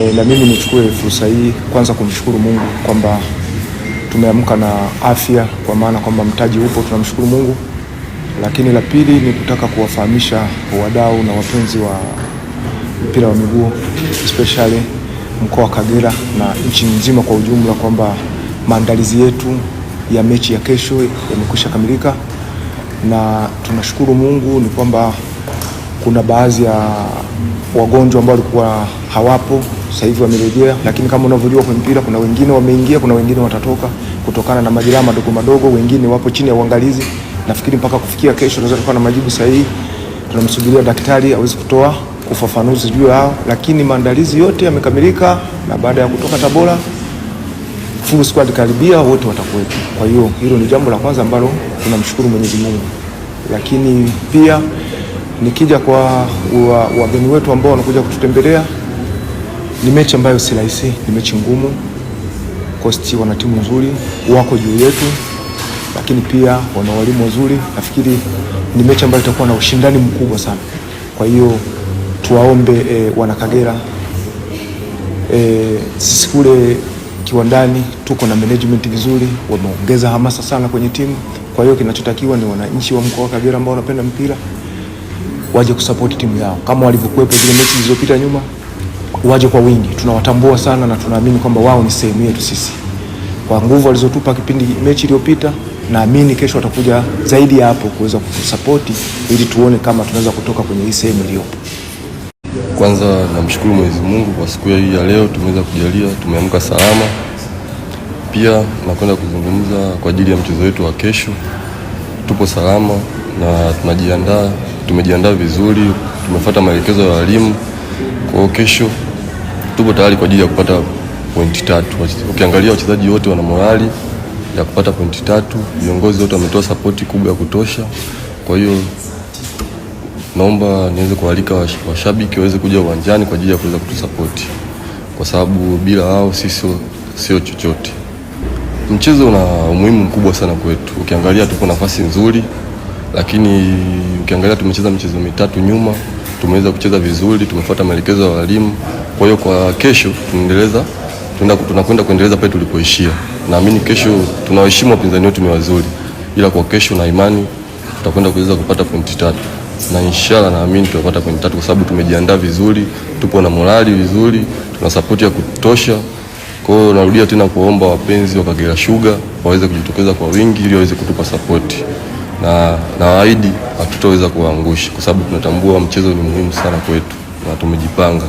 E, na mimi nichukue fursa hii kwanza kumshukuru Mungu kwamba tumeamka na afya, kwa maana kwamba mtaji upo, tunamshukuru Mungu. Lakini la pili ni kutaka kuwafahamisha wadau na wapenzi wa mpira wa miguu especially mkoa wa Kagera na nchi nzima kwa ujumla kwamba maandalizi yetu ya mechi ya kesho yamekwisha kamilika, na tunashukuru Mungu ni kwamba kuna baadhi ya wagonjwa ambao walikuwa hawapo sasa hivi wamerejea, lakini kama unavyojua kwa mpira kuna wengine wameingia, kuna wengine watatoka kutokana na majeraha madogo madogo, wengine wapo chini ya uangalizi. Nafikiri mpaka kufikia kesho tunaweza kuwa na majibu sahihi. Tunamsubiria daktari aweze kutoa ufafanuzi juu yao, lakini maandalizi yote yamekamilika, na baada ya kutoka Tabora full squad karibia wote watakuwepo. Kwa hiyo hilo ni jambo la kwanza ambalo tunamshukuru Mwenyezi Mungu, lakini pia nikija kwa wageni wetu ambao wanakuja kututembelea ni mechi ambayo si rahisi, ni mechi ngumu. Coast wana timu nzuri, wako juu yetu, lakini pia wana walimu wazuri. Nafikiri ni mechi ambayo itakuwa na ushindani mkubwa sana. Kwa hiyo tuwaombe e, wana Kagera e, sisi kule kiwandani tuko na management vizuri, wameongeza hamasa sana kwenye timu. Kwa hiyo kinachotakiwa ni wananchi wa mkoa wa Kagera ambao wanapenda mpira waje kusapoti timu yao kama walivyokuwepo zile mechi zilizopita nyuma waje kwa wingi. Tunawatambua sana na tunaamini kwamba wao ni sehemu yetu sisi, kwa nguvu walizotupa kipindi mechi iliyopita. Naamini kesho watakuja zaidi ya hapo kuweza kutusapoti ili tuone kama tunaweza kutoka kwenye hii sehemu iliyopo. Kwanza namshukuru Mwenyezi Mungu kwa siku hii ya leo, tumeweza kujalia, tumeamka salama. Pia nakwenda kuzungumza kwa ajili ya mchezo wetu wa kesho. Tupo salama na tunajiandaa, tumejiandaa vizuri, tumefuata maelekezo ya walimu. Kwa kesho tupo tayari kwa ajili ya kupata pointi tatu. Ukiangalia wachezaji wote wana morali ya kupata pointi tatu, viongozi wote wametoa sapoti kubwa ya kutosha. Kwa hiyo naomba niweze kualika washabiki waweze kuja uwanjani kwa ajili ya kuweza kutusapoti, kwa sababu bila wao sisi sio chochote. Mchezo una umuhimu mkubwa sana kwetu. Ukiangalia tuko nafasi nzuri, lakini ukiangalia tumecheza michezo mitatu nyuma tumeweza kucheza vizuri, tumefuata maelekezo ya walimu. Kwa hiyo kwa kesho tunaendeleza tunakwenda kuendeleza pale tulipoishia. Naamini kesho tunawaheshimu wapinzani wetu ni wazuri, ila kwa kesho na imani tutakwenda kuweza kupata pointi tatu, na inshallah naamini tutapata pointi tatu kwa sababu tumejiandaa vizuri, tupo na morali vizuri, tuna support ya kutosha. Kwa hiyo narudia tena kuwaomba wapenzi wa Kagera Sugar waweze kujitokeza kwa wingi ili waweze kutupa support na nawaahidi hatutoweza kuwaangusha, kwa sababu tunatambua mchezo ni muhimu sana kwetu na tumejipanga,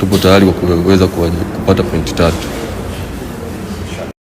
tupo tayari kwa kuweza kupata pointi tatu.